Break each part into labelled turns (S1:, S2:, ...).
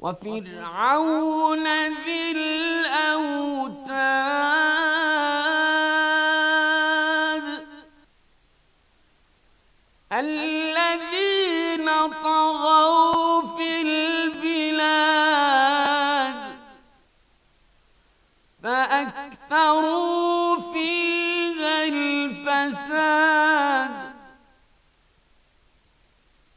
S1: وفرعون ذي الأوتاد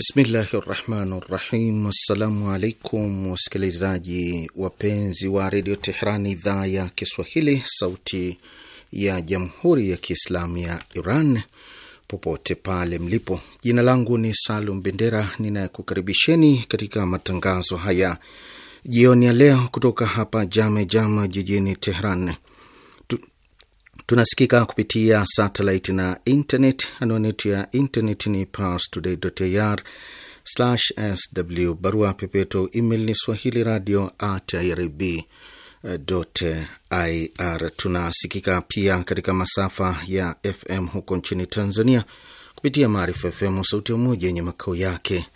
S2: Bismillahi rahmani rahim. Assalamu alaikum wasikilizaji wapenzi wa redio Tehran, idhaa ya Kiswahili, sauti ya jamhuri ya kiislamu ya Iran, popote pale mlipo. Jina langu ni Salum Bendera ninayekukaribisheni katika matangazo haya jioni ya leo kutoka hapa Jame Jama jijini Tehran Tunasikika kupitia satellite na internet. Anwani yetu ya internet ni parstoday.ir/sw. Barua pepeto email ni swahili radio at irib ir. Tunasikika pia katika masafa ya FM huko nchini Tanzania kupitia Maarifa FM, Sauti ya Umoja yenye makao yake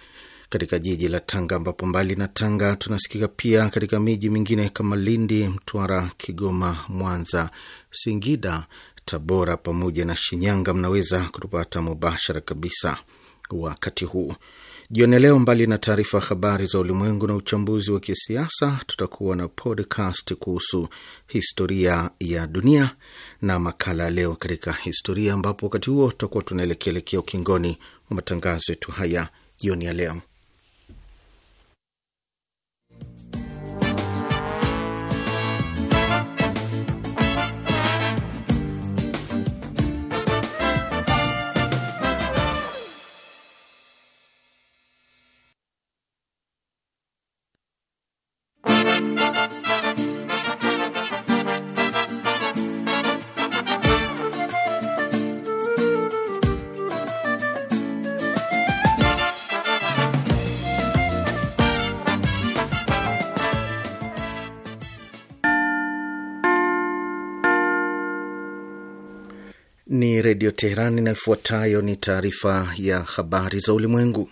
S2: katika jiji la Tanga, ambapo mbali na Tanga tunasikika pia katika miji mingine kama Lindi, Mtwara, Kigoma, Mwanza, Singida, Tabora pamoja na Shinyanga. Mnaweza kutupata mubashara kabisa wakati huu jioni leo. Mbali na taarifa ya habari za ulimwengu na uchambuzi wa kisiasa, tutakuwa na podcast kuhusu historia ya dunia na makala ya leo katika historia, ambapo wakati huo tutakuwa tunaelekeelekea ukingoni wa matangazo yetu haya jioni ya leo. Redio Teherani, na ifuatayo ni taarifa ya habari za ulimwengu.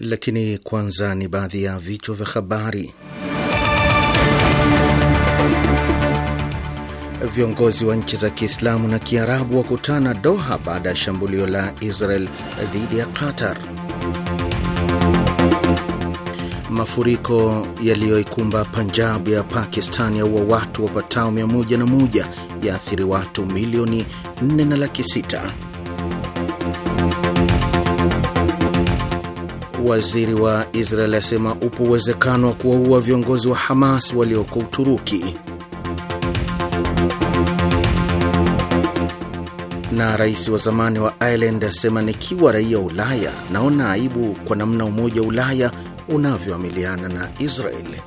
S2: Lakini kwanza ni baadhi ya vichwa vya habari. Viongozi wa nchi za Kiislamu na Kiarabu wakutana Doha baada ya shambulio la Israel dhidi ya Qatar. Mafuriko yaliyoikumba Punjab ya Pakistan yaua watu wapatao 101 yaathiri watu milioni 4 na laki 6. Waziri wa Israel asema upo uwezekano wa kuwaua viongozi wa Hamas walioko Uturuki. na rais wa zamani wa Ireland asema nikiwa raia wa Ulaya naona aibu kwa namna Umoja wa Ulaya unavyoamiliana na Israeli.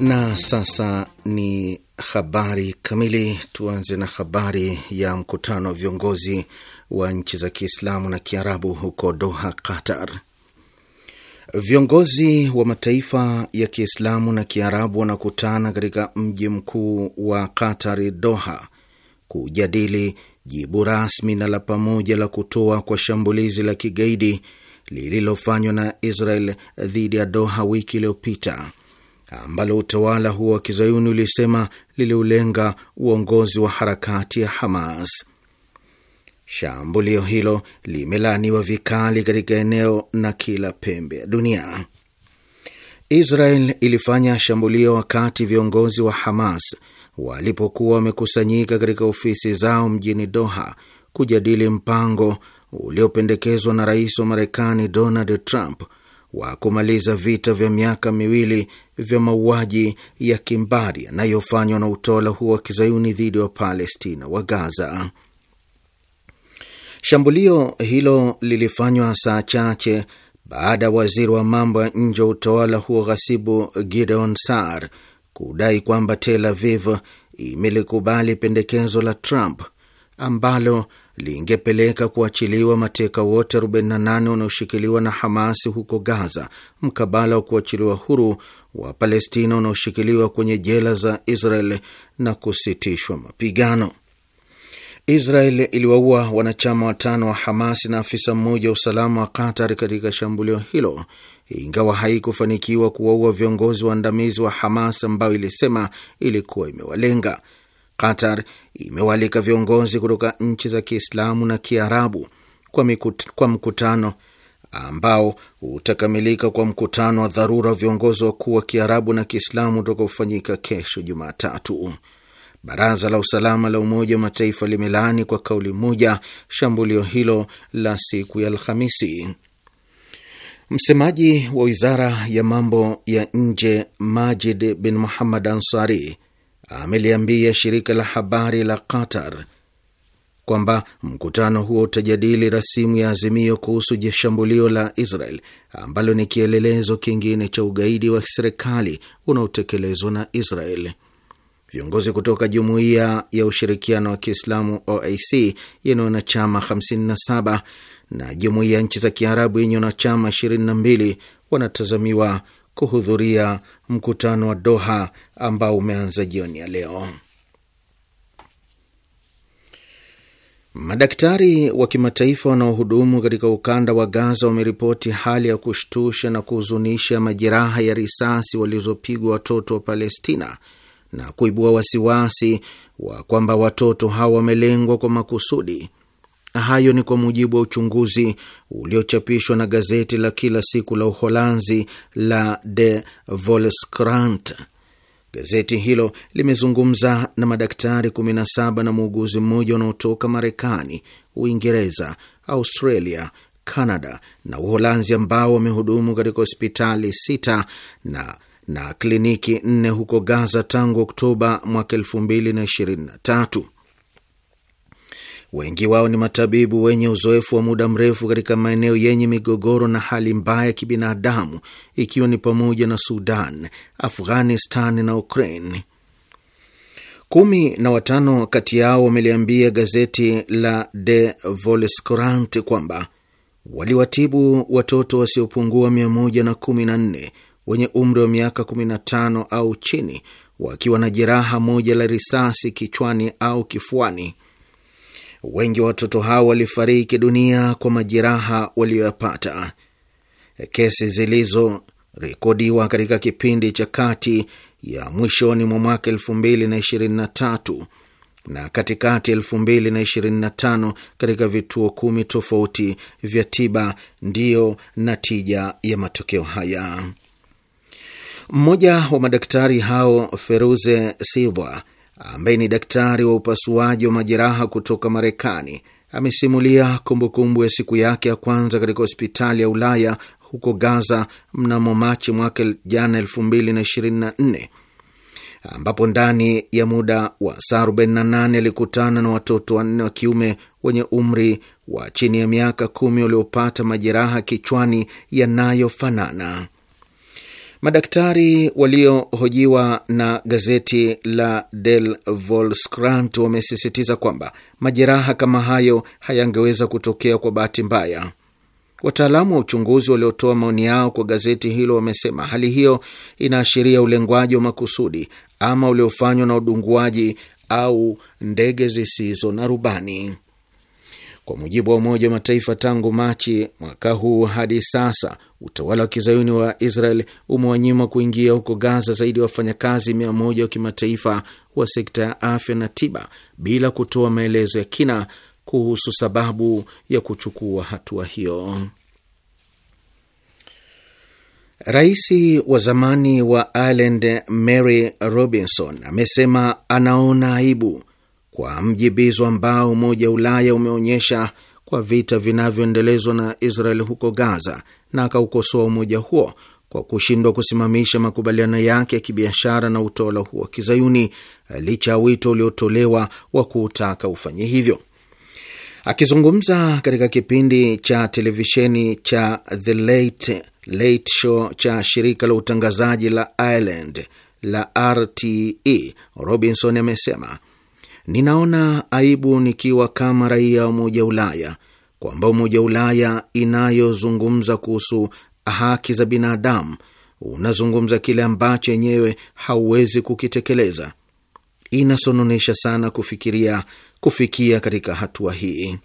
S2: Na sasa ni habari kamili. Tuanze na habari ya mkutano wa viongozi wa nchi za Kiislamu na Kiarabu huko Doha, Qatar. Viongozi wa mataifa ya Kiislamu na Kiarabu wanakutana katika mji mkuu wa Qatar, Doha, kujadili jibu rasmi na la pamoja la kutoa kwa shambulizi la kigaidi lililofanywa na Israel dhidi ya Doha wiki iliyopita ambalo utawala huo wa kizayuni ulisema liliulenga uongozi wa harakati ya Hamas. Shambulio hilo limelaaniwa vikali katika eneo na kila pembe ya dunia. Israel ilifanya shambulio wakati viongozi wa Hamas walipokuwa wamekusanyika katika ofisi zao mjini Doha kujadili mpango uliopendekezwa na rais wa Marekani Donald Trump wa kumaliza vita vya miaka miwili vya mauaji ya kimbari yanayofanywa na utawala huo wa kizayuni dhidi ya Palestina wa Gaza. Shambulio hilo lilifanywa saa chache baada ya waziri wa mambo ya nje wa utawala huo ghasibu Gideon Saar kudai kwamba Tel Aviv imelikubali pendekezo la Trump ambalo lingepeleka kuachiliwa mateka wote 48 wanaoshikiliwa na Hamasi huko Gaza, mkabala wa kuachiliwa huru wa Palestina wanaoshikiliwa kwenye jela za Israel na kusitishwa mapigano. Israel iliwaua wanachama watano wa Hamasi na afisa mmoja wa usalama wa Qatar katika shambulio hilo ingawa haikufanikiwa kuwaua viongozi waandamizi wa Hamas ambayo ilisema ilikuwa imewalenga. Qatar imewaalika viongozi kutoka nchi za Kiislamu na Kiarabu kwa, mikut, kwa mkutano ambao utakamilika kwa mkutano wa dharura wa viongozi wakuu wa Kiarabu na Kiislamu utakaofanyika kesho Jumatatu. Baraza la usalama la Umoja wa Mataifa limelaani kwa kauli moja shambulio hilo la siku ya Alhamisi. Msemaji wa wizara ya mambo ya nje Majid bin Muhammad Ansari ameliambia shirika la habari la Qatar kwamba mkutano huo utajadili rasimu ya azimio kuhusu shambulio la Israel ambalo ni kielelezo kingine cha ugaidi wa serikali unaotekelezwa na Israel. Viongozi kutoka Jumuiya ya Ushirikiano wa Kiislamu OIC yenye yaani wanachama 57 na jumuiya ya nchi za Kiarabu yenye wanachama 22 wanatazamiwa kuhudhuria mkutano wa Doha ambao umeanza jioni ya leo. Madaktari wa kimataifa wanaohudumu katika ukanda wa Gaza wameripoti hali ya kushtusha na kuhuzunisha majeraha ya risasi walizopigwa watoto wa Palestina na kuibua wasiwasi wa kwamba watoto hawa wamelengwa kwa makusudi na hayo ni kwa mujibu wa uchunguzi uliochapishwa na gazeti la kila siku la Uholanzi la De Volkskrant. Gazeti hilo limezungumza na madaktari 17 na muuguzi mmoja wanaotoka Marekani, Uingereza, Australia, canada na Uholanzi ambao wamehudumu katika hospitali sita na na kliniki nne huko Gaza tangu Oktoba mwaka 2023. Wengi wao ni matabibu wenye uzoefu wa muda mrefu katika maeneo yenye migogoro na hali mbaya ya kibinadamu, ikiwa ni pamoja na Sudan, Afghanistan na Ukraine. Kumi na watano kati yao wameliambia gazeti la De Volescorant kwamba waliwatibu watoto wasiopungua 114 wenye umri wa miaka 15 au chini wakiwa na jeraha moja la risasi kichwani au kifuani. Wengi wa watoto hao walifariki dunia kwa majeraha walioyapata. Kesi zilizorekodiwa katika kipindi cha kati ya mwishoni mwa mwaka 2023 na katikati 2025 katika vituo kumi tofauti vya tiba ndiyo natija ya matokeo haya. Mmoja wa madaktari hao Feruze Silva ambaye ni daktari wa upasuaji wa majeraha kutoka Marekani amesimulia kumbukumbu ya siku yake ya kwanza katika hospitali ya Ulaya huko Gaza mnamo Machi mwaka jana 2024 ambapo ndani ya muda wa saa 48 alikutana na watoto wanne wa kiume wenye umri wa chini ya miaka kumi waliopata majeraha kichwani yanayofanana. Madaktari waliohojiwa na gazeti la Del volscrant wamesisitiza kwamba majeraha kama hayo hayangeweza kutokea kwa bahati mbaya. Wataalamu wa uchunguzi waliotoa maoni yao kwa gazeti hilo wamesema hali hiyo inaashiria ulengwaji wa makusudi ama uliofanywa na udunguaji au ndege zisizo na rubani. Kwa mujibu wa Umoja wa Mataifa, tangu Machi mwaka huu hadi sasa utawala wa kizayuni wa Israel umewanyima kuingia huko Gaza zaidi ya wafanyakazi mia moja wa kimataifa wa sekta ya afya na tiba bila kutoa maelezo ya kina kuhusu sababu ya kuchukua hatua hiyo. Rais wa zamani wa Ireland Mary Robinson amesema anaona aibu kwa mjibizo ambao Umoja wa Ulaya umeonyesha kwa vita vinavyoendelezwa na Israel huko Gaza, na akaukosoa umoja huo kwa kushindwa kusimamisha makubaliano yake ya kibiashara na utawala huo wa kizayuni licha ya wito uliotolewa wa kuutaka ufanye hivyo. Akizungumza katika kipindi cha televisheni cha The Late Late Show cha shirika la utangazaji la Ireland la RTE, Robinson amesema Ninaona aibu nikiwa kama raia wa Umoja wa Ulaya kwamba Umoja wa Ulaya inayozungumza kuhusu haki za binadamu unazungumza kile ambacho yenyewe hauwezi kukitekeleza. Inasononesha sana kufikiria kufikia katika hatua hii.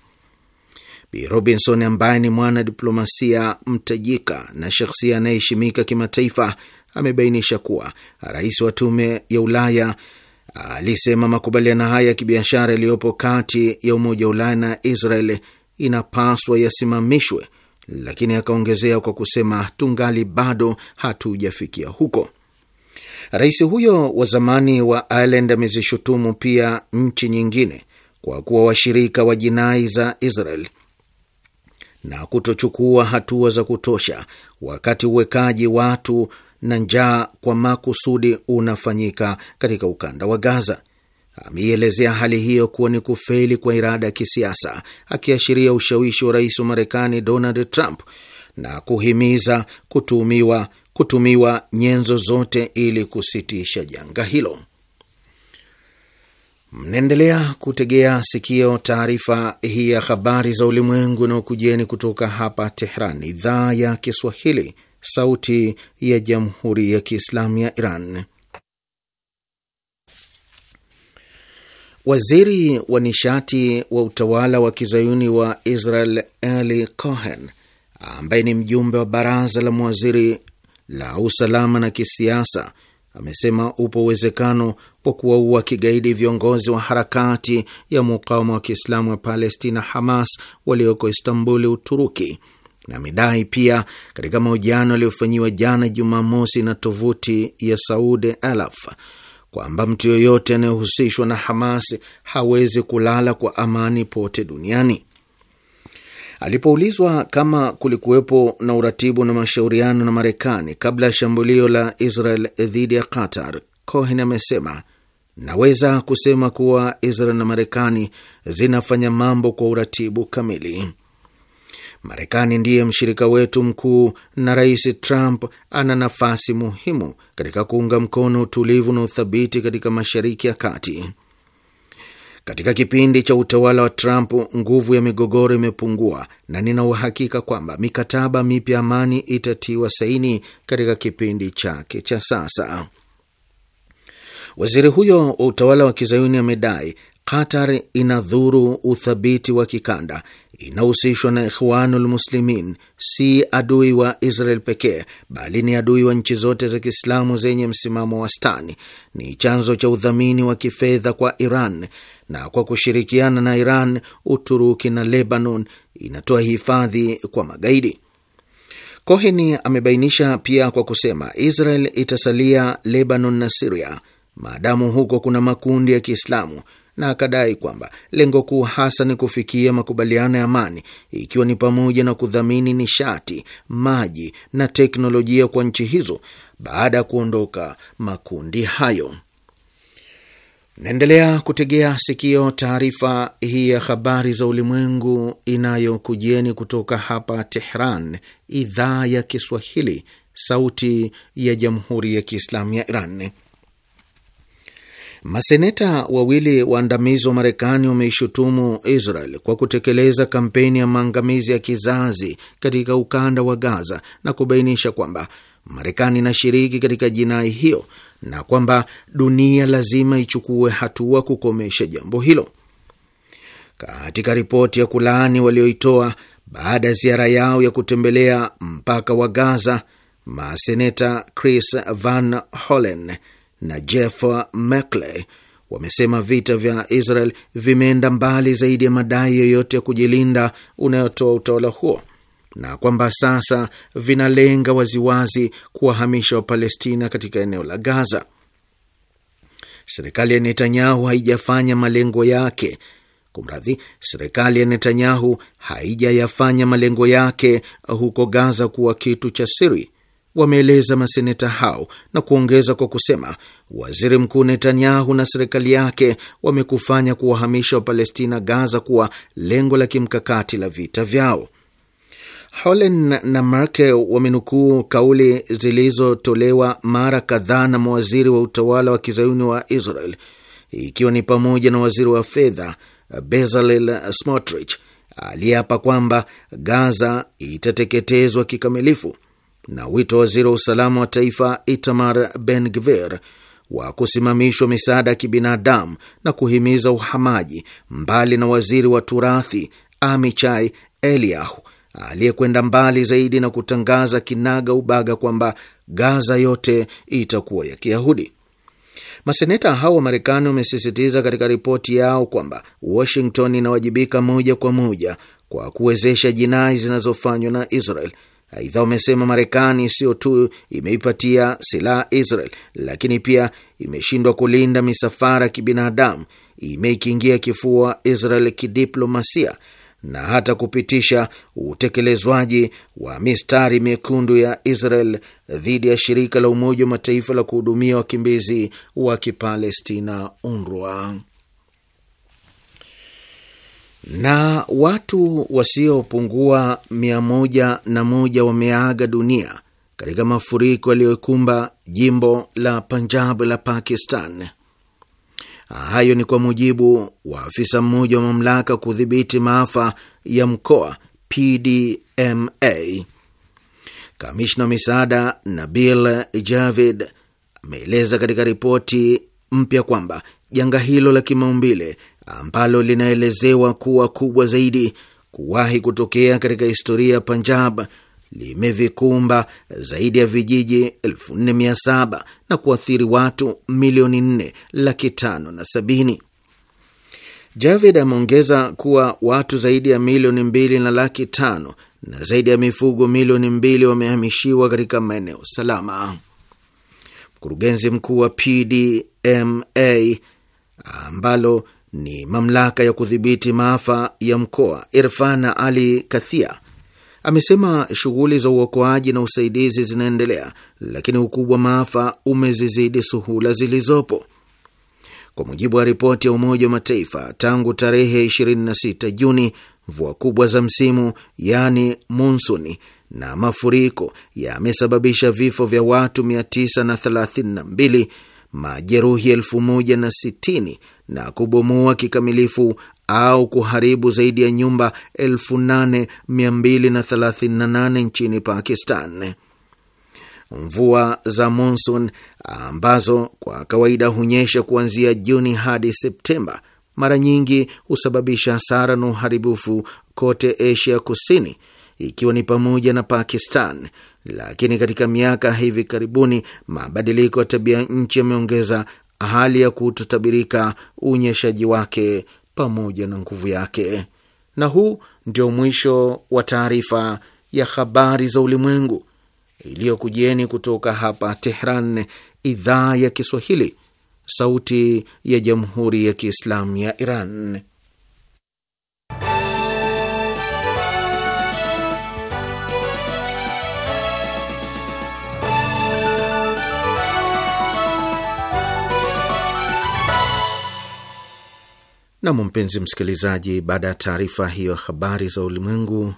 S2: Bi Robinson ambaye ni mwana diplomasia mtajika na shakhsia anayeheshimika kimataifa amebainisha kuwa rais wa Tume ya Ulaya alisema makubaliano haya ya kibiashara yaliyopo kati ya Umoja wa Ulaya na Israel inapaswa yasimamishwe, lakini akaongezea kwa kusema tungali bado hatujafikia huko. Rais huyo wa zamani wa Ireland amezishutumu pia nchi nyingine kwa kuwa washirika wa jinai za Israel na kutochukua hatua za kutosha wakati uwekaji watu na njaa kwa makusudi unafanyika katika ukanda wa Gaza. Ameielezea hali hiyo kuwa ni kufeli kwa irada ya kisiasa, akiashiria ushawishi wa rais wa Marekani Donald Trump na kuhimiza kutumiwa kutumiwa nyenzo zote ili kusitisha janga hilo. Mnaendelea kutegea sikio taarifa hii ya habari za ulimwengu na ukujeni kutoka hapa Tehran, idhaa ya Kiswahili, Sauti ya Jamhuri ya Kiislamu ya Iran. Waziri wa nishati wa utawala wa kizayuni wa Israel Eli Cohen, ambaye ni mjumbe wa baraza la mawaziri la usalama na kisiasa, amesema upo uwezekano wa kuwaua kigaidi viongozi wa harakati ya mukawama wa kiislamu wa Palestina, Hamas, walioko Istanbuli, Uturuki na amedai pia katika mahojiano aliyofanyiwa jana Jumamosi na tovuti ya Saudi Alaf kwamba mtu yoyote anayehusishwa na Hamas hawezi kulala kwa amani pote duniani. Alipoulizwa kama kulikuwepo na uratibu na mashauriano na Marekani kabla ya shambulio la Israel dhidi ya Qatar, Cohen amesema naweza kusema kuwa Israel na Marekani zinafanya mambo kwa uratibu kamili. Marekani ndiye mshirika wetu mkuu na Rais Trump ana nafasi muhimu katika kuunga mkono utulivu na uthabiti katika Mashariki ya Kati. Katika kipindi cha utawala wa Trump, nguvu ya migogoro imepungua na nina uhakika kwamba mikataba mipya amani itatiwa saini katika kipindi chake cha sasa. Waziri huyo wa utawala wa kizayuni amedai Qatar inadhuru uthabiti wa kikanda inahusishwa na Ikhwanul Muslimin, si adui wa Israel pekee, bali ni adui wa nchi zote za Kiislamu zenye msimamo wastani. Ni chanzo cha udhamini wa kifedha kwa Iran, na kwa kushirikiana na Iran, Uturuki na Lebanon inatoa hifadhi kwa magaidi. Cohen amebainisha pia kwa kusema Israel itasalia Lebanon na Siria maadamu huko kuna makundi ya Kiislamu na akadai kwamba lengo kuu hasa ni kufikia makubaliano ya amani, ikiwa ni pamoja na kudhamini nishati, maji na teknolojia kwa nchi hizo baada ya kuondoka makundi hayo. Naendelea kutegea sikio taarifa hii ya habari za ulimwengu inayokujieni kutoka hapa Tehran, idhaa ya Kiswahili, sauti ya jamhuri ya kiislamu ya Iran. Maseneta wawili waandamizi wa Marekani wameishutumu Israel kwa kutekeleza kampeni ya maangamizi ya kizazi katika ukanda wa Gaza na kubainisha kwamba Marekani inashiriki katika jinai hiyo na kwamba dunia lazima ichukue hatua kukomesha jambo hilo. Katika ripoti ya kulaani walioitoa baada ya ziara yao ya kutembelea mpaka wa Gaza, maseneta Chris Van Hollen na Jeff Merkley wamesema vita vya Israel vimeenda mbali zaidi ya madai yoyote ya kujilinda unayotoa utawala huo na kwamba sasa vinalenga waziwazi kuwahamisha Wapalestina katika eneo la Gaza. Serikali ya Netanyahu haijafanya malengo yake Kumradhi, serikali ya Netanyahu haijayafanya malengo yake huko Gaza kuwa kitu cha siri, wameeleza maseneta hao na kuongeza kwa kusema waziri mkuu Netanyahu na serikali yake wamekufanya kuwahamisha Wapalestina Gaza kuwa lengo la kimkakati la vita vyao. Holen na Merkel wamenukuu kauli zilizotolewa mara kadhaa na mawaziri wa utawala wa kizayuni wa Israel, ikiwa ni pamoja na waziri wa fedha Bezalel Smotrich aliyeapa kwamba Gaza itateketezwa kikamilifu na wito wa waziri wa usalama wa taifa Itamar Ben Gvir wa kusimamishwa misaada ya kibinadamu na kuhimiza uhamaji, mbali na waziri wa turathi Amichai Eliyahu aliyekwenda mbali zaidi na kutangaza kinaga ubaga kwamba Gaza yote itakuwa ya Kiyahudi. Maseneta hao wa Marekani wamesisitiza katika ripoti yao kwamba Washington inawajibika moja kwa moja kwa kuwezesha jinai zinazofanywa na Israel Aidha, wamesema Marekani sio tu imeipatia silaha Israel, lakini pia imeshindwa kulinda misafara ya kibinadamu, imeikingia kifua Israel kidiplomasia na hata kupitisha utekelezwaji wa mistari mekundu ya Israel dhidi ya shirika la Umoja wa Mataifa la kuhudumia wakimbizi wa Kipalestina, UNRWA na watu wasiopungua mia moja na moja wameaga dunia katika mafuriko yaliyokumba jimbo la Punjab la Pakistan. Hayo ni kwa mujibu wa afisa mmoja wa mamlaka kudhibiti maafa ya mkoa PDMA. Kamishna wa misaada Nabil Javid ameeleza katika ripoti mpya kwamba janga hilo la kimaumbile ambalo linaelezewa kuwa kubwa zaidi kuwahi kutokea katika historia ya Punjab limevikumba zaidi ya vijiji 47 na kuathiri watu milioni 4 laki tano na sabini. Javed ameongeza kuwa watu zaidi ya milioni mbili na laki tano na zaidi ya mifugo milioni mbili wamehamishiwa katika maeneo salama. Mkurugenzi mkuu wa PDMA ambalo ni mamlaka ya kudhibiti maafa ya mkoa. Irfan Ali Kathia amesema shughuli za uokoaji na usaidizi zinaendelea, lakini ukubwa maafa umezizidi suhula zilizopo. Kwa mujibu wa ripoti ya Umoja wa Mataifa, tangu tarehe 26 Juni, mvua kubwa za msimu yaani monsuni na mafuriko yamesababisha vifo vya watu 932, majeruhi 1060 na kubomoa kikamilifu au kuharibu zaidi ya nyumba 8238 nchini Pakistan. Mvua za monsoon ambazo kwa kawaida hunyesha kuanzia Juni hadi Septemba mara nyingi husababisha hasara na uharibifu kote Asia Kusini, ikiwa ni pamoja na Pakistan. Lakini katika miaka hivi karibuni mabadiliko ya tabia nchi yameongeza hali ya kutotabirika unyeshaji wake pamoja na nguvu yake. Na huu ndio mwisho wa taarifa ya habari za ulimwengu iliyokujieni kutoka hapa Tehran, idhaa ya Kiswahili, sauti ya jamhuri ya kiislamu ya Iran. Nam, mpenzi msikilizaji, baada ya taarifa hiyo habari za ulimwengu,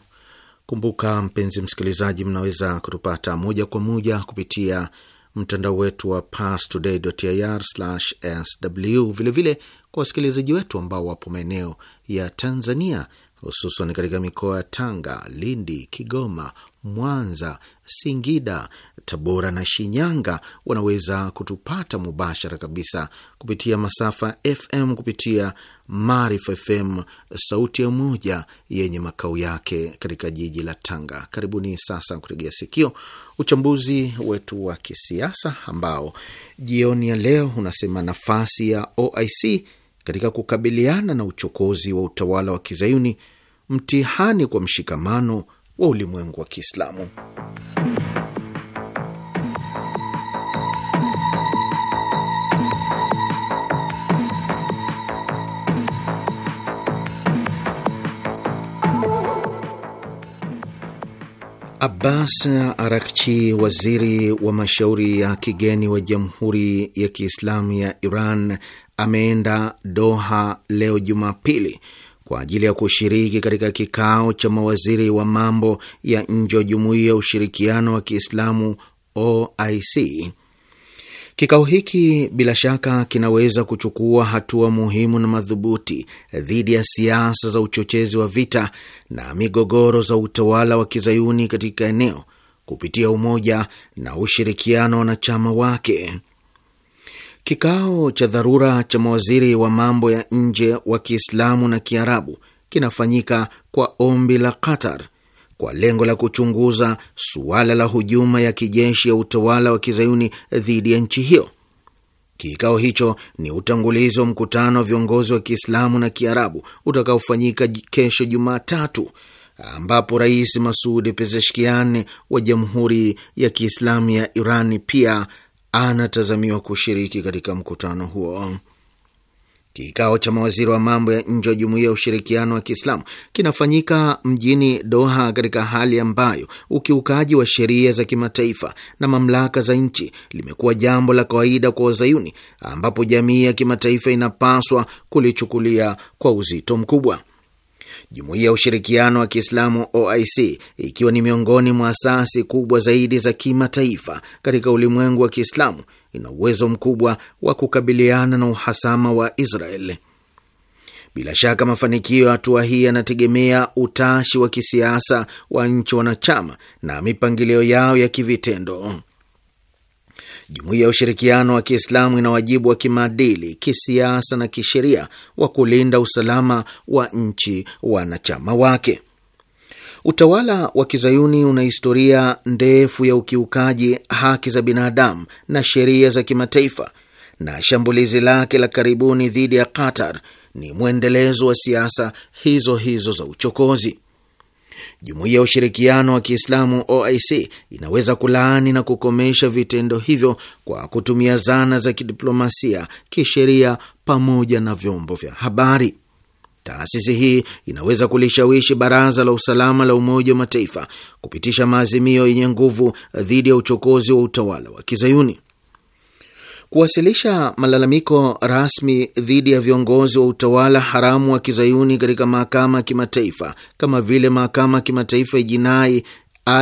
S2: kumbuka mpenzi msikilizaji, mnaweza kutupata moja kwa moja kupitia mtandao wetu wa parstoday.ir/sw. Vilevile kwa wasikilizaji wetu ambao wapo maeneo ya Tanzania, hususan katika mikoa ya Tanga, Lindi, Kigoma, Mwanza, Singida, Tabora na Shinyanga, wanaweza kutupata mubashara kabisa kupitia masafa FM kupitia Maarifa FM sauti ya umoja yenye makao yake katika jiji la Tanga. Karibuni sasa kutegea sikio uchambuzi wetu wa kisiasa ambao jioni ya leo unasema nafasi ya OIC katika kukabiliana na uchokozi wa utawala wa Kizayuni, mtihani kwa mshikamano wa ulimwengu wa Kiislamu. Abbas Arakchi, waziri wa mashauri ya kigeni wa Jamhuri ya Kiislamu ya Iran, ameenda Doha leo Jumapili kwa ajili ya kushiriki katika kikao cha mawaziri wa mambo ya nje wa Jumuiya ya Ushirikiano wa Kiislamu OIC Kikao hiki bila shaka kinaweza kuchukua hatua muhimu na madhubuti dhidi ya siasa za uchochezi wa vita na migogoro za utawala wa kizayuni katika eneo kupitia umoja na ushirikiano na wanachama wake. Kikao cha dharura cha mawaziri wa mambo ya nje wa Kiislamu na Kiarabu kinafanyika kwa ombi la Qatar kwa lengo la kuchunguza suala la hujuma ya kijeshi ya utawala wa kizayuni dhidi ya nchi hiyo. Kikao hicho ni utangulizi wa mkutano wa viongozi wa Kiislamu na Kiarabu utakaofanyika kesho Jumatatu, ambapo Rais Masud Pezeshkian wa Jamhuri ya Kiislamu ya Iran pia anatazamiwa kushiriki katika mkutano huo. Kikao cha mawaziri wa mambo ya nje wa Jumuiya ya Ushirikiano wa Kiislamu kinafanyika mjini Doha katika hali ambayo ukiukaji wa sheria za kimataifa na mamlaka za nchi limekuwa jambo la kawaida kwa Wazayuni, ambapo jamii ya kimataifa inapaswa kulichukulia kwa uzito mkubwa. Jumuiya ya Ushirikiano wa Kiislamu OIC ikiwa ni miongoni mwa asasi kubwa zaidi za kimataifa katika ulimwengu wa Kiislamu ina uwezo mkubwa wa kukabiliana na uhasama wa Israel. Bila shaka mafanikio ya hatua hii yanategemea utashi wa kisiasa wa nchi wanachama na mipangilio yao ya kivitendo. Jumuiya ya Ushirikiano wa Kiislamu ina wajibu wa kimaadili, kisiasa na kisheria wa kulinda usalama wa nchi wanachama wake. Utawala wa kizayuni una historia ndefu ya ukiukaji haki za binadamu na sheria za kimataifa, na shambulizi lake la karibuni dhidi ya Qatar ni mwendelezo wa siasa hizo hizo za uchokozi. Jumuiya ya Ushirikiano wa Kiislamu OIC inaweza kulaani na kukomesha vitendo hivyo kwa kutumia zana za kidiplomasia, kisheria pamoja na vyombo vya habari. Taasisi hii inaweza kulishawishi Baraza la Usalama la Umoja wa Mataifa kupitisha maazimio yenye nguvu dhidi ya uchokozi wa utawala wa Kizayuni. Kuwasilisha malalamiko rasmi dhidi ya viongozi wa utawala haramu wa Kizayuni katika mahakama ya kimataifa kama vile mahakama ya kimataifa ya jinai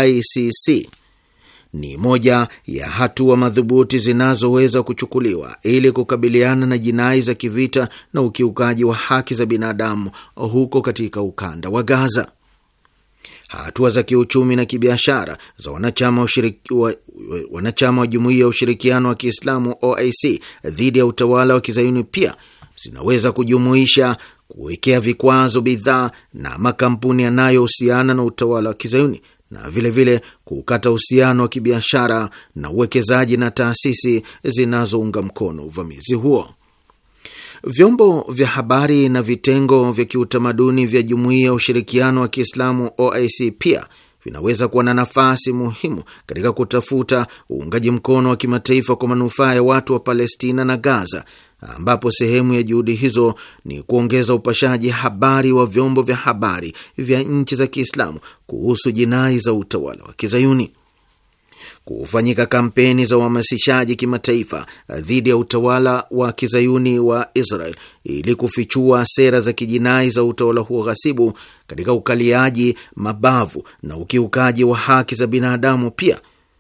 S2: ICC ni moja ya hatua madhubuti zinazoweza kuchukuliwa ili kukabiliana na jinai za kivita na ukiukaji wa haki za binadamu huko katika ukanda wa Gaza. Hatua za kiuchumi na kibiashara za wanachama wa, wanachama wa Jumuiya ya Ushirikiano wa Kiislamu OIC dhidi ya utawala wa kizayuni pia zinaweza kujumuisha kuwekea vikwazo bidhaa na makampuni yanayohusiana na utawala wa kizayuni na vilevile vile kukata uhusiano wa kibiashara na uwekezaji na taasisi zinazounga mkono uvamizi huo. Vyombo vya habari na vitengo vya kiutamaduni vya Jumuiya ya Ushirikiano wa Kiislamu OIC pia vinaweza kuwa na nafasi muhimu katika kutafuta uungaji mkono wa kimataifa kwa manufaa ya watu wa Palestina na Gaza, ambapo sehemu ya juhudi hizo ni kuongeza upashaji habari wa vyombo vya habari vya nchi za Kiislamu kuhusu jinai za utawala wa Kizayuni kufanyika kampeni za uhamasishaji kimataifa dhidi ya utawala wa kizayuni wa Israel ili kufichua sera za kijinai za utawala huo ghasibu katika ukaliaji mabavu na ukiukaji wa haki za binadamu pia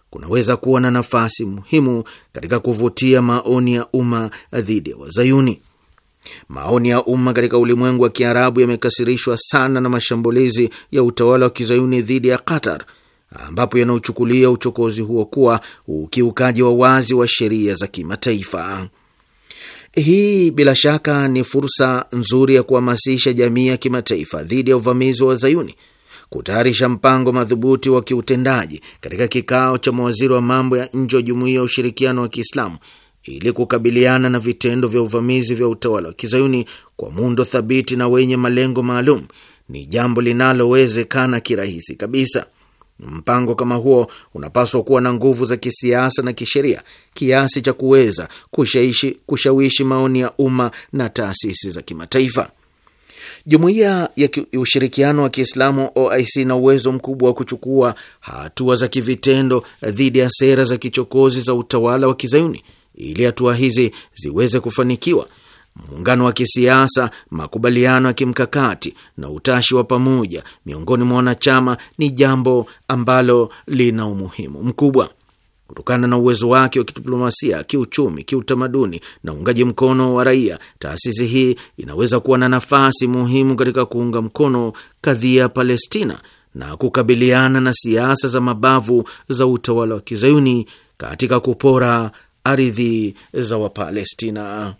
S2: kunaweza kuwa na nafasi muhimu katika kuvutia maoni ya umma dhidi ya Wazayuni. Maoni ya umma katika ulimwengu wa Kiarabu yamekasirishwa sana na mashambulizi ya utawala wa kizayuni dhidi ya Qatar ambapo yanauchukulia uchokozi huo kuwa ukiukaji wa wazi wa sheria za kimataifa. Hii bila shaka ni fursa nzuri ya kuhamasisha jamii ya kimataifa dhidi ya uvamizi wa zayuni kutayarisha mpango madhubuti wa kiutendaji katika kikao cha mawaziri wa mambo ya nje wa Jumuiya ya Ushirikiano wa Kiislamu ili kukabiliana na vitendo vya uvamizi vya utawala wa Kizayuni kwa muundo thabiti na wenye malengo maalum, ni jambo linalowezekana kirahisi kabisa. Mpango kama huo unapaswa kuwa na nguvu za kisiasa na kisheria kiasi cha kuweza kushawishi maoni ya umma na taasisi za kimataifa. Jumuiya ya Ushirikiano wa Kiislamu OIC ina uwezo mkubwa wa kuchukua hatua za kivitendo dhidi ya sera za kichokozi za utawala wa Kizayuni ili hatua hizi ziweze kufanikiwa muungano wa kisiasa, makubaliano ya kimkakati na utashi wa pamoja miongoni mwa wanachama ni jambo ambalo lina umuhimu mkubwa kutokana na uwezo wake wa kidiplomasia, kiuchumi, kiutamaduni na uungaji mkono wa raia, taasisi hii inaweza kuwa na nafasi muhimu katika kuunga mkono kadhia ya Palestina na kukabiliana na siasa za mabavu za utawala wa kizayuni katika kupora ardhi za Wapalestina.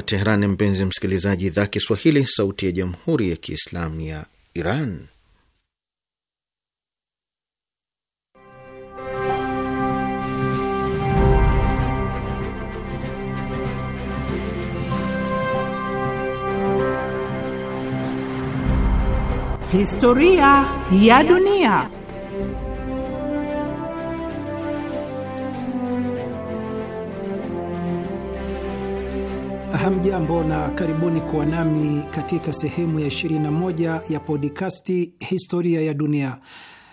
S2: Redio Teheran. Mpenzi msikilizaji, idhaa Kiswahili, sauti ya jamhuri ya kiislamu ya Iran.
S3: Historia ya dunia. Hamjambo na karibuni kuwa nami katika sehemu ya 21 ya podikasti Historia ya Dunia.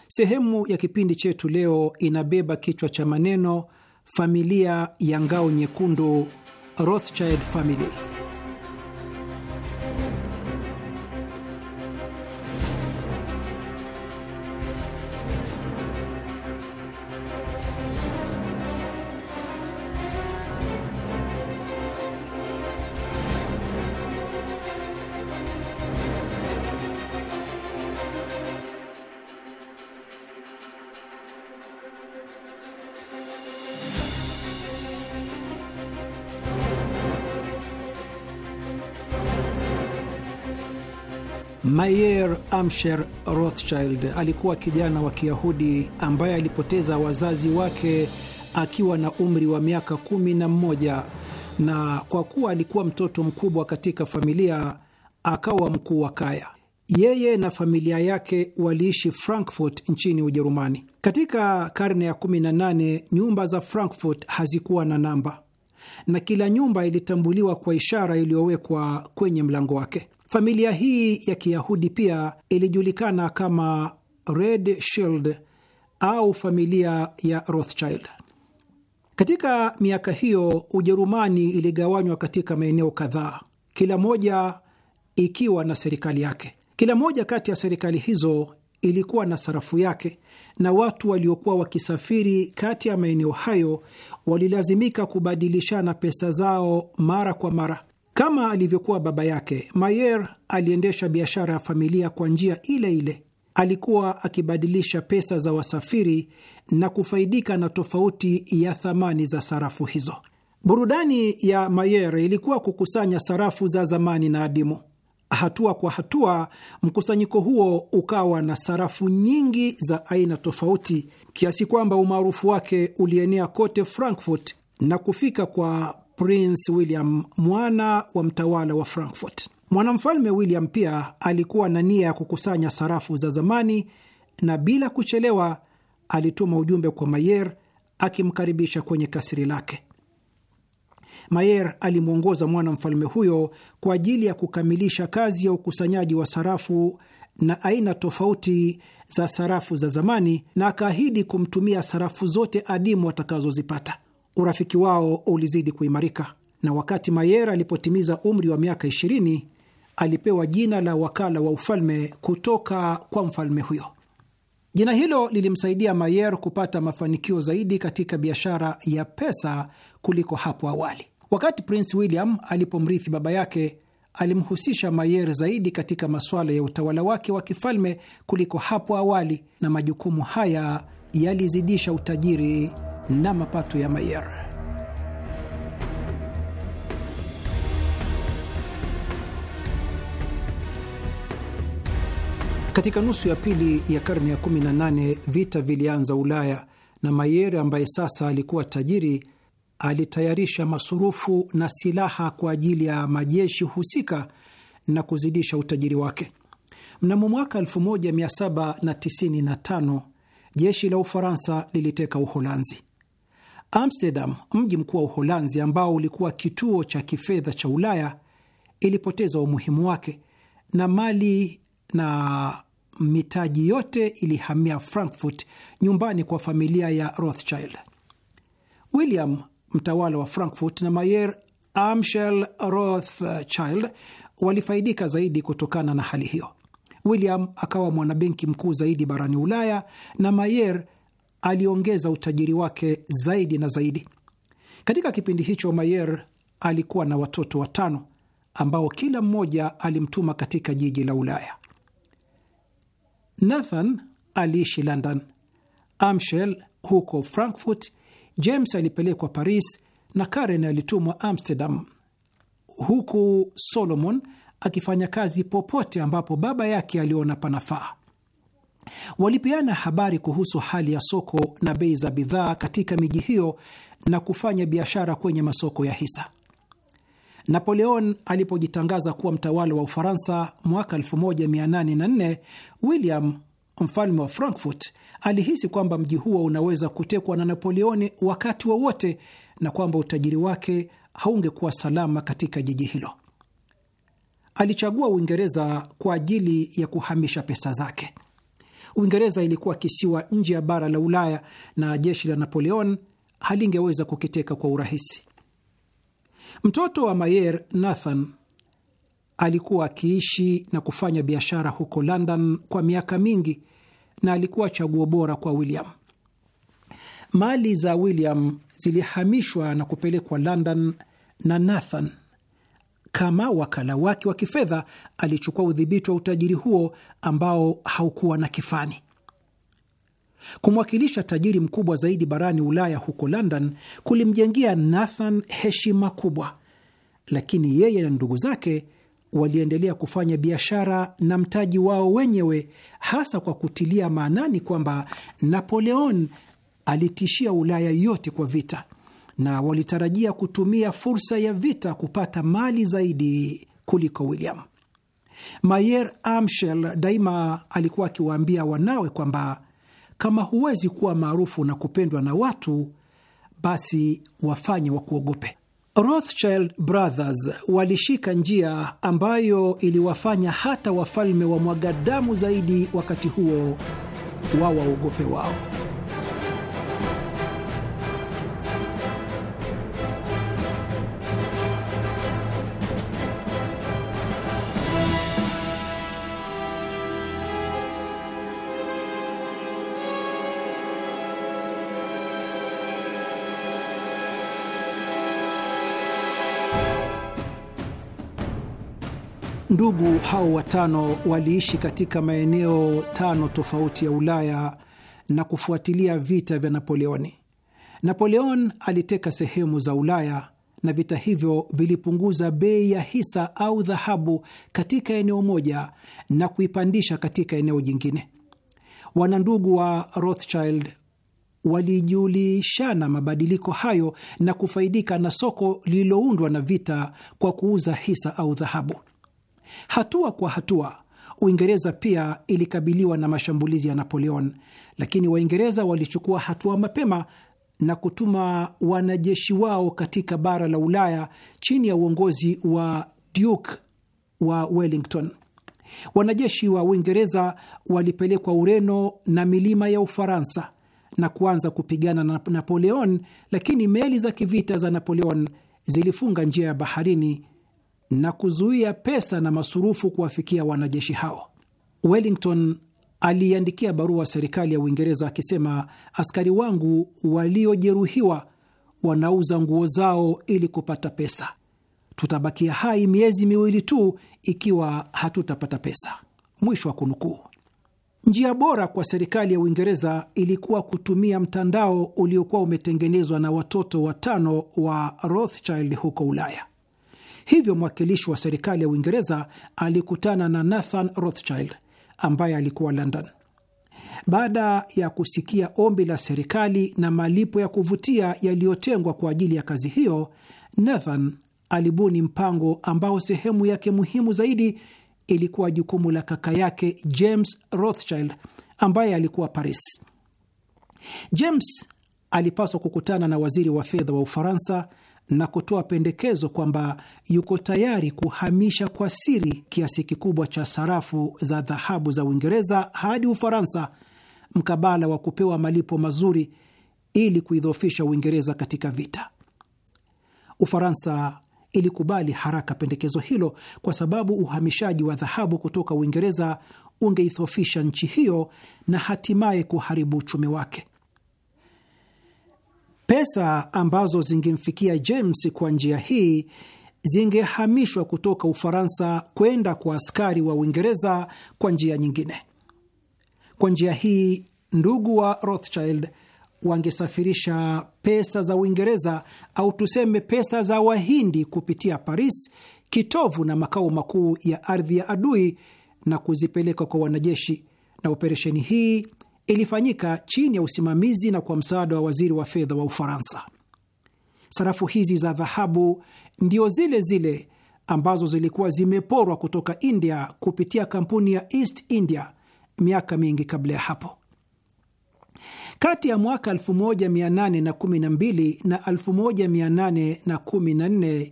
S3: Sehemu ya kipindi chetu leo inabeba kichwa cha maneno familia ya ngao nyekundu, Rothschild Family. Claire Amsher Rothschild alikuwa kijana wa Kiyahudi ambaye alipoteza wazazi wake akiwa na umri wa miaka kumi na mmoja, na kwa kuwa alikuwa mtoto mkubwa katika familia akawa mkuu wa kaya. Yeye na familia yake waliishi Frankfurt nchini Ujerumani. Katika karne ya 18 nyumba za Frankfurt hazikuwa na namba na kila nyumba ilitambuliwa kwa ishara iliyowekwa kwenye mlango wake. Familia hii ya Kiyahudi pia ilijulikana kama Red Shield au familia ya Rothschild. Katika miaka hiyo Ujerumani iligawanywa katika maeneo kadhaa, kila moja ikiwa na serikali yake. Kila moja kati ya serikali hizo ilikuwa na sarafu yake, na watu waliokuwa wakisafiri kati ya maeneo hayo walilazimika kubadilishana pesa zao mara kwa mara. Kama alivyokuwa baba yake, Mayer aliendesha biashara ya familia kwa njia ile ile. Alikuwa akibadilisha pesa za wasafiri na kufaidika na tofauti ya thamani za sarafu hizo. Burudani ya Mayer ilikuwa kukusanya sarafu za zamani na adimu. Hatua kwa hatua, mkusanyiko huo ukawa na sarafu nyingi za aina tofauti, kiasi kwamba umaarufu wake ulienea kote Frankfurt na kufika kwa Prince William, mwana wa mtawala wa Frankfurt. Mwanamfalme William pia alikuwa na nia ya kukusanya sarafu za zamani na bila kuchelewa alituma ujumbe kwa Mayer akimkaribisha kwenye kasiri lake. Mayer alimwongoza mwanamfalme huyo kwa ajili ya kukamilisha kazi ya ukusanyaji wa sarafu na aina tofauti za sarafu za zamani na akaahidi kumtumia sarafu zote adimu atakazozipata urafiki wao ulizidi kuimarika, na wakati Mayer alipotimiza umri wa miaka 20 alipewa jina la wakala wa ufalme kutoka kwa mfalme huyo. Jina hilo lilimsaidia Mayer kupata mafanikio zaidi katika biashara ya pesa kuliko hapo awali. Wakati Prince William alipomrithi baba yake, alimhusisha Mayer zaidi katika masuala ya utawala wake wa kifalme kuliko hapo awali, na majukumu haya yalizidisha utajiri na mapato ya Mayer. Katika nusu ya pili ya karne ya 18 vita vilianza Ulaya na Mayer ambaye sasa alikuwa tajiri alitayarisha masurufu na silaha kwa ajili ya majeshi husika na kuzidisha utajiri wake. Mnamo mwaka 1795 jeshi la Ufaransa liliteka Uholanzi. Amsterdam, mji mkuu wa Uholanzi ambao ulikuwa kituo cha kifedha cha Ulaya, ilipoteza umuhimu wake na mali na mitaji yote ilihamia Frankfurt, nyumbani kwa familia ya Rothschild. William mtawala wa Frankfurt na Mayer Amshel Rothschild walifaidika zaidi kutokana na hali hiyo. William akawa mwanabenki mkuu zaidi barani Ulaya na Mayer aliongeza utajiri wake zaidi na zaidi. Katika kipindi hicho, Mayer alikuwa na watoto watano ambao kila mmoja alimtuma katika jiji la Ulaya. Nathan aliishi London, Amshel huko Frankfurt, James alipelekwa Paris na Karen alitumwa Amsterdam, huku Solomon akifanya kazi popote ambapo baba yake aliona panafaa. Walipeana habari kuhusu hali ya soko na bei za bidhaa katika miji hiyo na kufanya biashara kwenye masoko ya hisa. Napoleon alipojitangaza kuwa mtawala wa Ufaransa mwaka 1804, William mfalme wa Frankfurt alihisi kwamba mji huo unaweza kutekwa na Napoleoni wakati wowote wa na kwamba utajiri wake haungekuwa salama katika jiji hilo. Alichagua Uingereza kwa ajili ya kuhamisha pesa zake. Uingereza ilikuwa kisiwa nje ya bara la Ulaya na jeshi la Napoleon halingeweza kukiteka kwa urahisi. Mtoto wa Mayer, Nathan, alikuwa akiishi na kufanya biashara huko London kwa miaka mingi na alikuwa chaguo bora kwa William. Mali za William zilihamishwa na kupelekwa London na Nathan kama wakala wake wa kifedha alichukua udhibiti wa utajiri huo ambao haukuwa na kifani. Kumwakilisha tajiri mkubwa zaidi barani Ulaya huko London kulimjengea Nathan heshima kubwa, lakini yeye na ndugu zake waliendelea kufanya biashara na mtaji wao wenyewe, hasa kwa kutilia maanani kwamba Napoleon alitishia Ulaya yote kwa vita na walitarajia kutumia fursa ya vita kupata mali zaidi kuliko William. Mayer Amshel daima alikuwa akiwaambia wanawe kwamba kama huwezi kuwa maarufu na kupendwa na watu, basi wafanye wa kuogope Rothschild Brothers walishika njia ambayo iliwafanya hata wafalme wa mwagadamu zaidi wakati huo wawaogope wao. Ndugu hao watano waliishi katika maeneo tano tofauti ya Ulaya na kufuatilia vita vya Napoleoni. Napoleon aliteka sehemu za Ulaya na vita hivyo vilipunguza bei ya hisa au dhahabu katika eneo moja na kuipandisha katika eneo jingine. Wanandugu wa Rothschild walijulishana mabadiliko hayo na kufaidika na soko lililoundwa na vita kwa kuuza hisa au dhahabu. Hatua kwa hatua, Uingereza pia ilikabiliwa na mashambulizi ya Napoleon, lakini Waingereza walichukua hatua mapema na kutuma wanajeshi wao katika bara la Ulaya chini ya uongozi wa Duke wa Wellington. Wanajeshi wa Uingereza walipelekwa Ureno na milima ya Ufaransa na kuanza kupigana na Napoleon, lakini meli za kivita za Napoleon zilifunga njia ya baharini na kuzuia pesa na masurufu kuwafikia wanajeshi hao. Wellington aliiandikia barua serikali ya Uingereza akisema, askari wangu waliojeruhiwa wanauza nguo zao ili kupata pesa. Tutabakia hai miezi miwili tu ikiwa hatutapata pesa. Mwisho wa kunukuu. Njia bora kwa serikali ya Uingereza ilikuwa kutumia mtandao uliokuwa umetengenezwa na watoto watano wa Rothschild huko Ulaya. Hivyo mwakilishi wa serikali ya Uingereza alikutana na Nathan Rothschild ambaye alikuwa London. Baada ya kusikia ombi la serikali na malipo ya kuvutia yaliyotengwa kwa ajili ya kazi hiyo, Nathan alibuni mpango ambao sehemu yake muhimu zaidi ilikuwa jukumu la kaka yake James Rothschild ambaye alikuwa Paris. James alipaswa kukutana na waziri wa fedha wa Ufaransa na kutoa pendekezo kwamba yuko tayari kuhamisha kwa siri kiasi kikubwa cha sarafu za dhahabu za Uingereza hadi Ufaransa mkabala wa kupewa malipo mazuri ili kuidhofisha Uingereza katika vita. Ufaransa ilikubali haraka pendekezo hilo kwa sababu uhamishaji wa dhahabu kutoka Uingereza ungeidhofisha nchi hiyo na hatimaye kuharibu uchumi wake. Pesa ambazo zingemfikia James kwa njia hii zingehamishwa kutoka Ufaransa kwenda kwa askari wa Uingereza kwa njia nyingine. Kwa njia hii, ndugu wa Rothschild wangesafirisha pesa za Uingereza au tuseme pesa za Wahindi kupitia Paris, kitovu na makao makuu ya ardhi ya adui, na kuzipeleka kwa wanajeshi, na operesheni hii ilifanyika chini ya usimamizi na kwa msaada wa waziri wa fedha wa Ufaransa. Sarafu hizi za dhahabu ndio zile zile ambazo zilikuwa zimeporwa kutoka India kupitia kampuni ya East India miaka mingi kabla ya hapo. Kati ya mwaka 1812 na 1814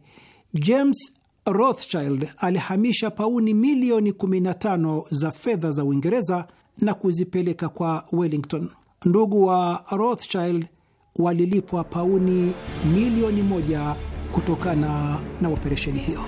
S3: James Rothschild alihamisha pauni milioni 15 za fedha za Uingereza na kuzipeleka kwa Wellington. Ndugu wa Rothschild walilipwa pauni milioni moja kutokana na operesheni hiyo.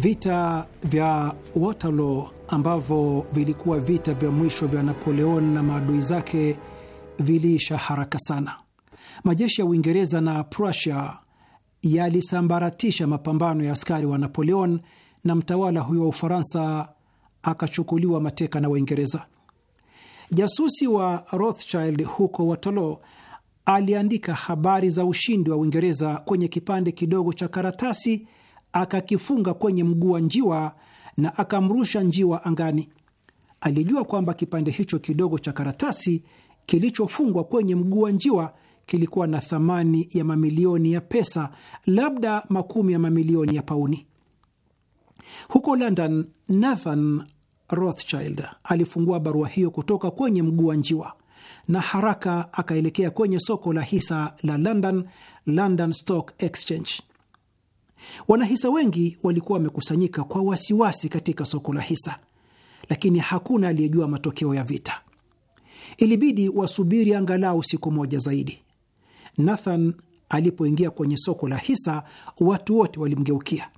S3: Vita vya Waterloo ambavyo vilikuwa vita vya mwisho vya Napoleon na maadui zake viliisha haraka sana. Majeshi ya Uingereza na Prussia yalisambaratisha mapambano ya askari wa Napoleon na mtawala huyo wa Ufaransa akachukuliwa mateka na Waingereza. Jasusi wa Rothschild huko Waterloo aliandika habari za ushindi wa Uingereza kwenye kipande kidogo cha karatasi akakifunga kwenye mguu wa njiwa na akamrusha njiwa angani. Alijua kwamba kipande hicho kidogo cha karatasi kilichofungwa kwenye mguu wa njiwa kilikuwa na thamani ya mamilioni ya pesa, labda makumi ya mamilioni ya pauni. Huko London, Nathan Rothschild alifungua barua hiyo kutoka kwenye mguu wa njiwa na haraka akaelekea kwenye soko la hisa la London, London Stock Exchange. Wanahisa wengi walikuwa wamekusanyika kwa wasiwasi katika soko la hisa, lakini hakuna aliyejua matokeo ya vita. Ilibidi wasubiri angalau siku moja zaidi. Nathan alipoingia kwenye soko la hisa, watu wote walimgeukia.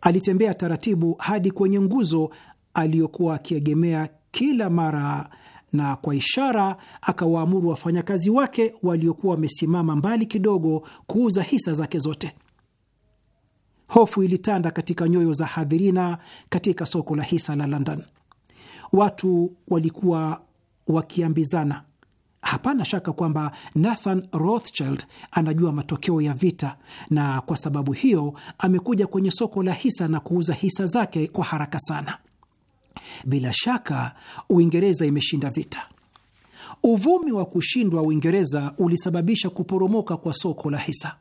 S3: Alitembea taratibu hadi kwenye nguzo aliyokuwa akiegemea kila mara, na kwa ishara akawaamuru wafanyakazi wake waliokuwa wamesimama mbali kidogo kuuza hisa zake zote. Hofu ilitanda katika nyoyo za hadhirina katika soko la hisa la London. Watu walikuwa wakiambizana, hapana shaka kwamba Nathan Rothschild anajua matokeo ya vita, na kwa sababu hiyo amekuja kwenye soko la hisa na kuuza hisa zake kwa haraka sana. Bila shaka Uingereza imeshinda vita. Uvumi wa kushindwa Uingereza ulisababisha kuporomoka kwa soko la hisa.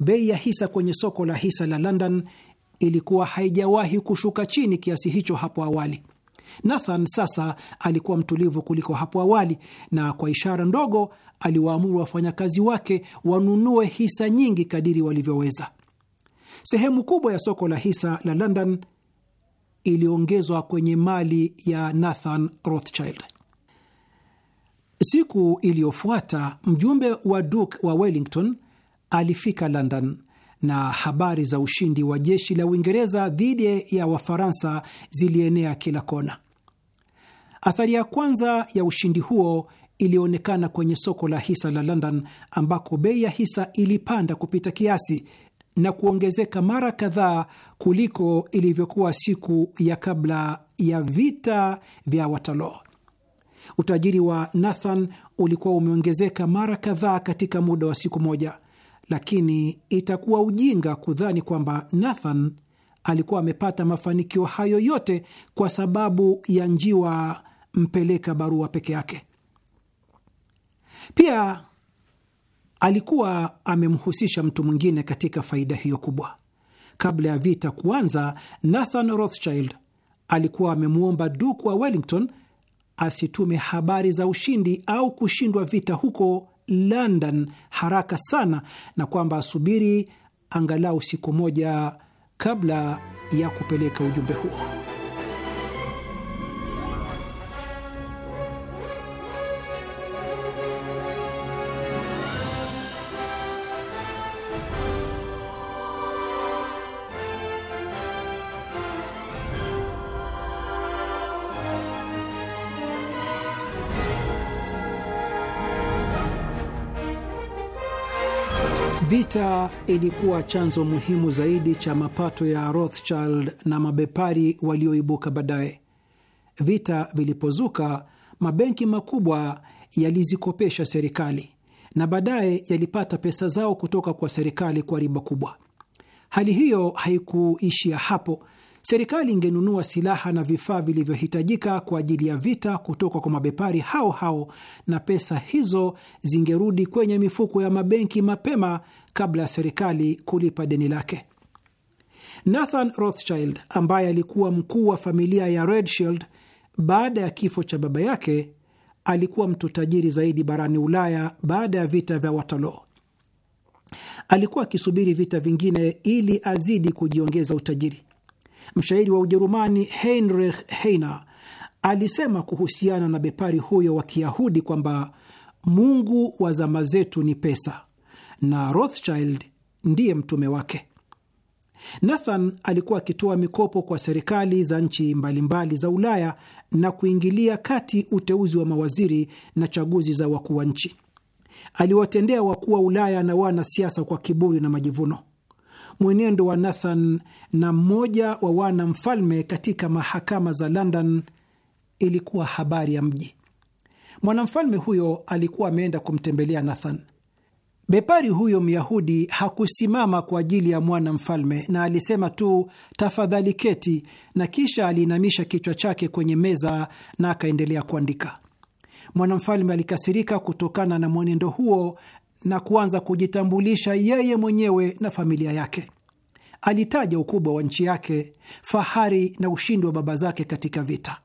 S3: Bei ya hisa kwenye soko la hisa la London ilikuwa haijawahi kushuka chini kiasi hicho hapo awali. Nathan sasa alikuwa mtulivu kuliko hapo awali, na kwa ishara ndogo aliwaamuru wafanyakazi wake wanunue hisa nyingi kadiri walivyoweza. Sehemu kubwa ya soko la hisa la London iliongezwa kwenye mali ya Nathan Rothschild. Siku iliyofuata mjumbe wa Duke wa Wellington alifika London na habari za ushindi wa jeshi la Uingereza dhidi ya Wafaransa zilienea kila kona. Athari ya kwanza ya ushindi huo ilionekana kwenye soko la hisa la London ambako bei ya hisa ilipanda kupita kiasi na kuongezeka mara kadhaa kuliko ilivyokuwa siku ya kabla ya vita vya Waterloo. Utajiri wa Nathan ulikuwa umeongezeka mara kadhaa katika muda wa siku moja lakini itakuwa ujinga kudhani kwamba Nathan alikuwa amepata mafanikio hayo yote kwa sababu ya njiwa mpeleka barua peke yake. Pia alikuwa amemhusisha mtu mwingine katika faida hiyo kubwa. Kabla ya vita kuanza, Nathan Rothschild alikuwa amemwomba duku wa Wellington asitume habari za ushindi au kushindwa vita huko London haraka sana na kwamba asubiri angalau siku moja kabla ya kupeleka ujumbe huo. Vita ilikuwa chanzo muhimu zaidi cha mapato ya Rothschild na mabepari walioibuka baadaye. Vita vilipozuka, mabenki makubwa yalizikopesha serikali na baadaye yalipata pesa zao kutoka kwa serikali kwa riba kubwa. Hali hiyo haikuishia hapo. Serikali ingenunua silaha na vifaa vilivyohitajika kwa ajili ya vita kutoka kwa mabepari hao hao, na pesa hizo zingerudi kwenye mifuko ya mabenki mapema kabla ya serikali kulipa deni lake. Nathan Rothschild ambaye alikuwa mkuu wa familia ya Rothschild baada ya kifo cha baba yake alikuwa mtu tajiri zaidi barani Ulaya baada ya vita vya Waterloo. Alikuwa akisubiri vita vingine ili azidi kujiongeza utajiri. Mshairi wa Ujerumani Heinrich Heine alisema kuhusiana na bepari huyo wa Kiyahudi kwamba Mungu wa zama zetu ni pesa, na Rothschild ndiye mtume wake. Nathan alikuwa akitoa mikopo kwa serikali za nchi mbalimbali za Ulaya na kuingilia kati uteuzi wa mawaziri na chaguzi za wakuu wa nchi. Aliwatendea wakuu wa Ulaya na wanasiasa kwa kiburi na majivuno. Mwenendo wa Nathan na mmoja wa wana mfalme katika mahakama za London ilikuwa habari ya mji. Mwanamfalme huyo alikuwa ameenda kumtembelea Nathan. Bepari huyo Myahudi hakusimama kwa ajili ya mwana mfalme, na alisema tu tafadhali keti, na kisha aliinamisha kichwa chake kwenye meza na akaendelea kuandika. Mwanamfalme alikasirika kutokana na mwenendo huo na kuanza kujitambulisha yeye mwenyewe na familia yake. Alitaja ukubwa wa nchi yake, fahari na ushindi wa baba zake katika vita,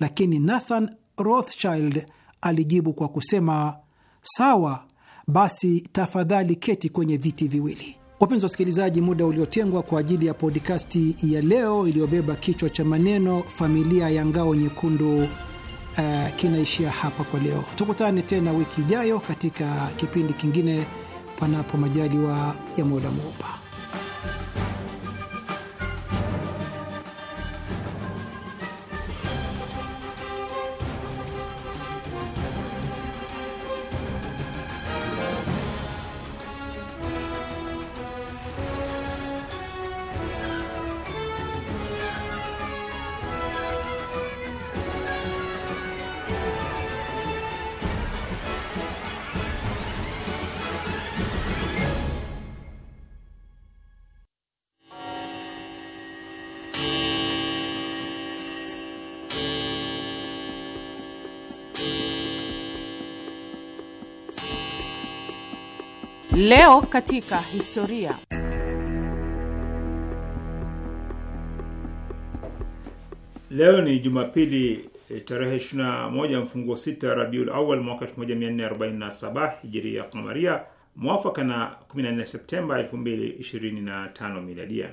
S3: lakini Nathan Rothschild alijibu kwa kusema sawa basi tafadhali keti kwenye viti viwili. Wapenzi wasikilizaji, muda uliotengwa kwa ajili ya podkasti ya leo iliyobeba kichwa cha maneno familia ya ngao nyekundu uh, kinaishia hapa kwa leo. Tukutane tena wiki ijayo katika kipindi kingine, panapo majaliwa ya Mola Muumba.
S1: Leo katika historia.
S4: Leo ni Jumapili eh, tarehe 21 mfunguo 6 Rabiul Awal mwaka 1447 Hijria Kamaria, mwafaka na 14 Septemba 2025 Miladia.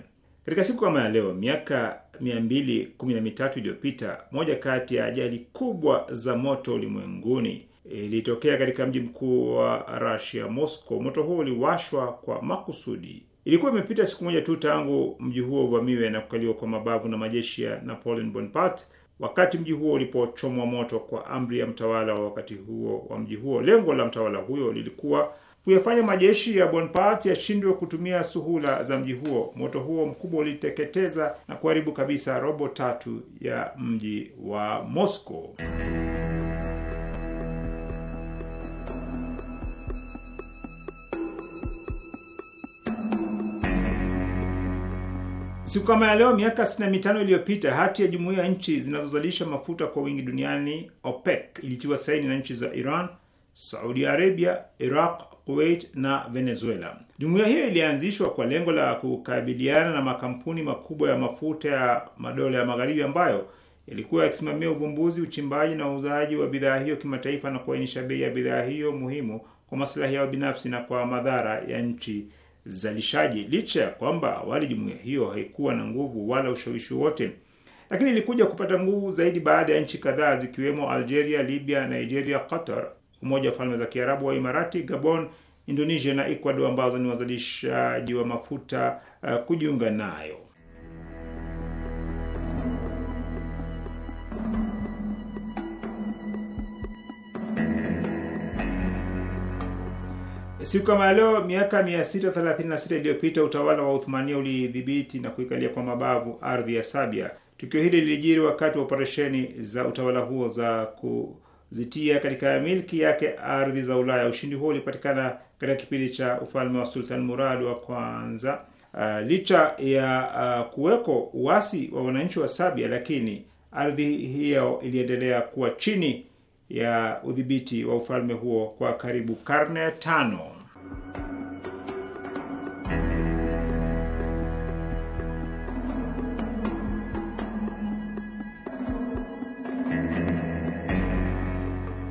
S4: Katika siku kama ya leo miaka 213 iliyopita, moja kati ya ajali kubwa za moto ulimwenguni ilitokea katika mji mkuu wa Rasia, Moscow. Moto huo uliwashwa kwa makusudi. Ilikuwa imepita siku moja tu tangu mji huo uvamiwe na kukaliwa kwa mabavu na majeshi ya Napoleon Bonaparte, wakati mji huo ulipochomwa moto kwa amri ya mtawala wa wakati huo wa mji huo. Lengo la mtawala huyo lilikuwa kuyafanya majeshi ya Bonaparte yashindwe kutumia suhula za mji huo. Moto huo mkubwa uliteketeza na kuharibu kabisa robo tatu ya mji wa Moscow. Siku kama ya leo miaka 65 iliyopita hati ya jumuiya ya nchi zinazozalisha mafuta kwa wingi duniani OPEC ilitiwa saini na nchi za Iran, Saudi Arabia, Iraq, Kuwait na Venezuela. Jumuiya hiyo ilianzishwa kwa lengo la kukabiliana na makampuni makubwa ya mafuta ya madola ya magharibi ambayo yalikuwa yakisimamia uvumbuzi, uchimbaji na uuzaji wa bidhaa hiyo kimataifa na kuainisha bei ya bidhaa hiyo muhimu kwa maslahi yao binafsi na kwa madhara ya nchi uzalishaji, licha ya kwamba awali jumuiya hiyo haikuwa na nguvu wala ushawishi wote, lakini ilikuja kupata nguvu zaidi baada ya nchi kadhaa zikiwemo Algeria, Libya, Nigeria, Qatar, Umoja wa Falme za Kiarabu wa Imarati, Gabon, Indonesia na Ecuador ambazo ni wazalishaji wa mafuta uh, kujiunga nayo. Siku kama leo miaka 636 iliyopita utawala wa Uthmania ulidhibiti na kuikalia kwa mabavu ardhi ya Sabia. Tukio hili lilijiri wakati wa operesheni za utawala huo za kuzitia katika milki yake ardhi za Ulaya. Ushindi huo ulipatikana katika kipindi cha ufalme wa Sultan Murad wa kwanza. Uh, licha ya uh, kuweko uasi wa wananchi wa Sabia, lakini ardhi hiyo iliendelea kuwa chini ya udhibiti wa ufalme huo kwa karibu karne tano.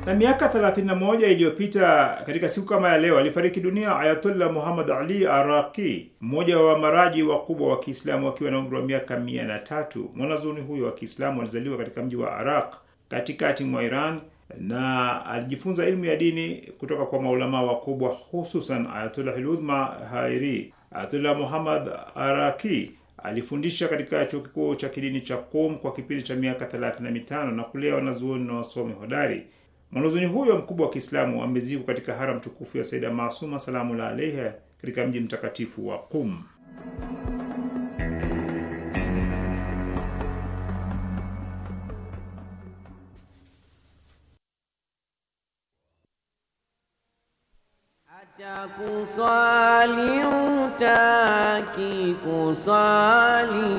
S4: Na miaka 31 iliyopita katika siku kama ya leo alifariki dunia Ayatullah Muhammad Ali Araqi, mmoja wa maraji wakubwa wa Kiislamu akiwa na umri wa miaka 3 Mwanazuoni huyo wa Kiislamu alizaliwa katika mji wa Araq katikati mwa Iran na alijifunza ilmu ya dini kutoka kwa maulama wakubwa hususan Ayatullah Ludhma Hairi. Ayatullah Muhammad Araki alifundisha katika chuo kikuu cha kidini cha Qom kwa kipindi cha miaka 35 na kulea wanazuoni na wasomi hodari. Mwanazuoni huyo mkubwa wa Kiislamu amezikwa katika haram tukufu ya Saida Masuma salamu la alaiha katika mji mtakatifu wa Qum.
S5: حتى كصالي وتاكي كصالي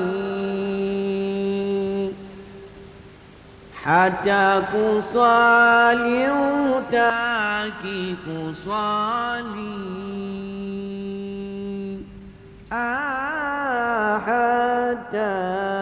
S5: آه، حتى كصالي وتاكي كصالي حتى